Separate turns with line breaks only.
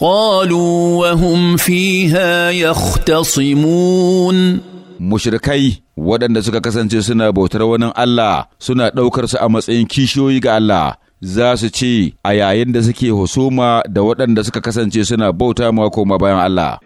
قالوا وهم فيها يختصمون mushrikai waɗanda suka kasance suna bautar wani Allah suna ɗaukar su a matsayin kishiyoyi ga Allah za su ce a yayin da suke husuma da waɗanda suka kasance suna bauta ma bayan Allah